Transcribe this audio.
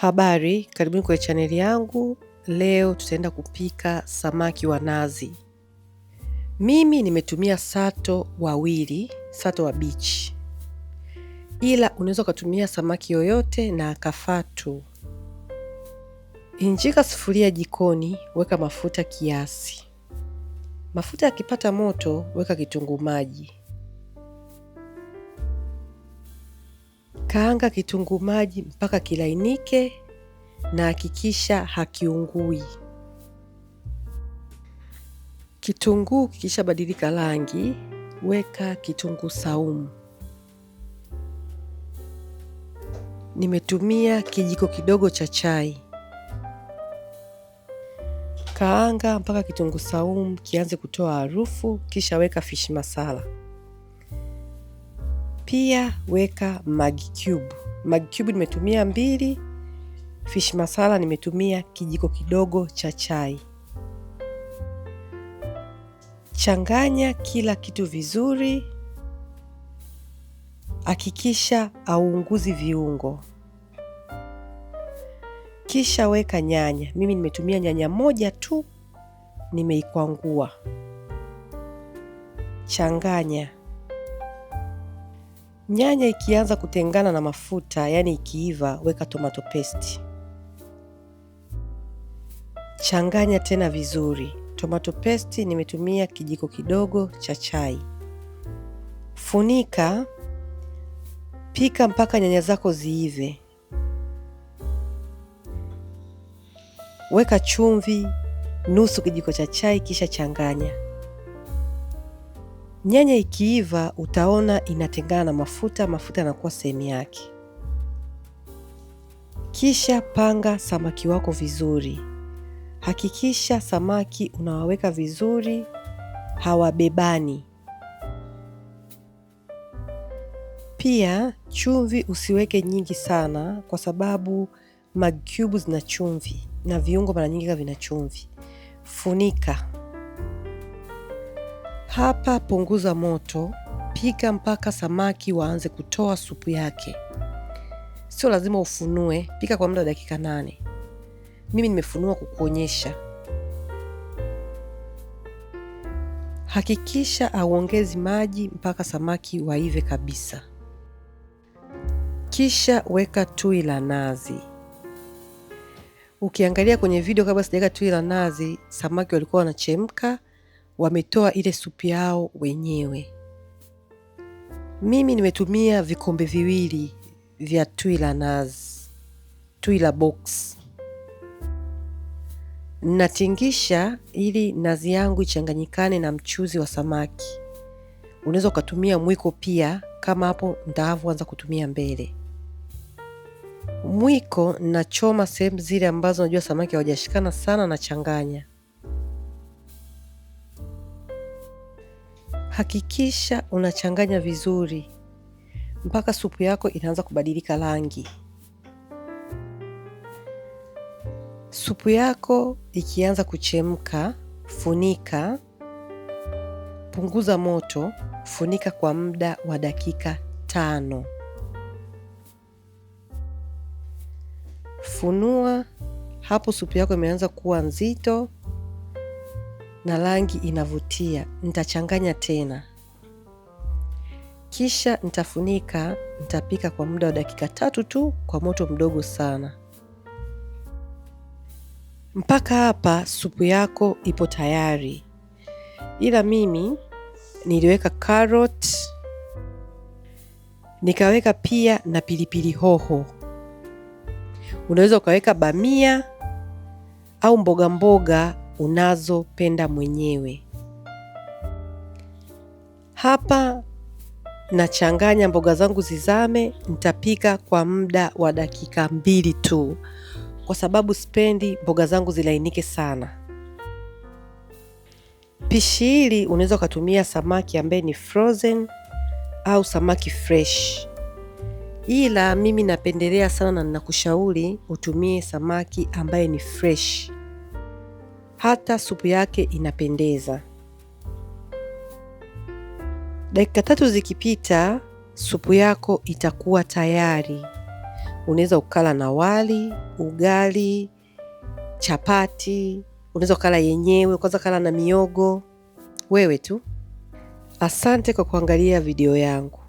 Habari, karibuni kwenye chaneli yangu. Leo tutaenda kupika samaki wa nazi. Mimi nimetumia sato wawili, sato wa bichi, ila unaweza ukatumia samaki yoyote na akafaa tu. Injika sufuria jikoni, weka mafuta kiasi. Mafuta yakipata moto, weka kitunguu maji. Kaanga kitunguu maji mpaka kilainike na hakikisha hakiungui. Kitunguu kikishabadilika rangi, weka kitunguu saumu. Nimetumia kijiko kidogo cha chai. Kaanga mpaka kitunguu saumu kianze kutoa harufu, kisha weka fishi masala. Pia weka magi cube. Magi cube nimetumia mbili. Fish masala nimetumia kijiko kidogo cha chai. Changanya kila kitu vizuri. Hakikisha auunguzi viungo, kisha weka nyanya. Mimi nimetumia nyanya moja tu, nimeikwangua. Changanya. Nyanya ikianza kutengana na mafuta, yaani ikiiva, weka tomato paste, changanya tena vizuri. Tomato paste nimetumia kijiko kidogo cha chai. Funika, pika mpaka nyanya zako ziive. Weka chumvi nusu kijiko cha chai, kisha changanya. Nyanya ikiiva utaona inatengana na mafuta, mafuta yanakuwa sehemu yake. Kisha panga samaki wako vizuri. Hakikisha samaki unawaweka vizuri, hawabebani. Pia chumvi usiweke nyingi sana, kwa sababu mag zina chumvi na viungo mara nyingi vina chumvi. Funika. Hapa punguza moto, pika mpaka samaki waanze kutoa supu yake. Sio lazima ufunue, pika kwa muda wa dakika nane. Mimi nimefunua kukuonyesha. Hakikisha auongezi maji mpaka samaki waive kabisa. Kisha weka tui la nazi. Ukiangalia kwenye video, kabla sijaweka tui la nazi, samaki walikuwa wanachemka wametoa ile supu yao wenyewe. Mimi nimetumia vikombe viwili vya Twila Twila box. Natingisha ili nazi yangu ichanganyikane na mchuzi wa samaki. Unaweza ukatumia mwiko pia, kama hapo ntaavoanza kutumia mbele. Mwiko nachoma sehemu zile ambazo najua samaki hawajashikana sana, nachanganya Hakikisha unachanganya vizuri mpaka supu yako inaanza kubadilika rangi. Supu yako ikianza kuchemka, funika, punguza moto, funika kwa muda wa dakika tano. Funua hapo, supu yako imeanza kuwa nzito na rangi inavutia. Nitachanganya tena, kisha nitafunika. Nitapika kwa muda wa dakika tatu tu kwa moto mdogo sana. Mpaka hapa supu yako ipo tayari, ila mimi niliweka carrot, nikaweka pia na pilipili hoho. Unaweza ukaweka bamia au mboga mboga unazopenda mwenyewe. Hapa nachanganya mboga zangu zizame, nitapika kwa muda wa dakika mbili tu, kwa sababu sipendi mboga zangu zilainike sana. Pishi hili unaweza ukatumia samaki ambaye ni frozen au samaki fresh, ila mimi napendelea sana na ninakushauri utumie samaki ambaye ni fresh hata supu yake inapendeza. Dakika tatu zikipita, supu yako itakuwa tayari. Unaweza ukala na wali, ugali, chapati, unaweza ukala yenyewe, ukaweza kala na miogo, wewe tu. Asante kwa kuangalia video yangu.